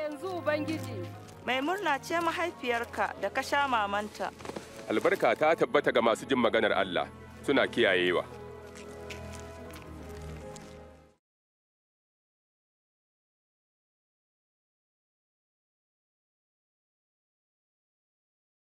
yanzu Ubangiji. Mai murna ce mahaifiyarka da ka sha mamanta. Albarka ta tabbata ga masu jin maganar Allah suna kiyayewa.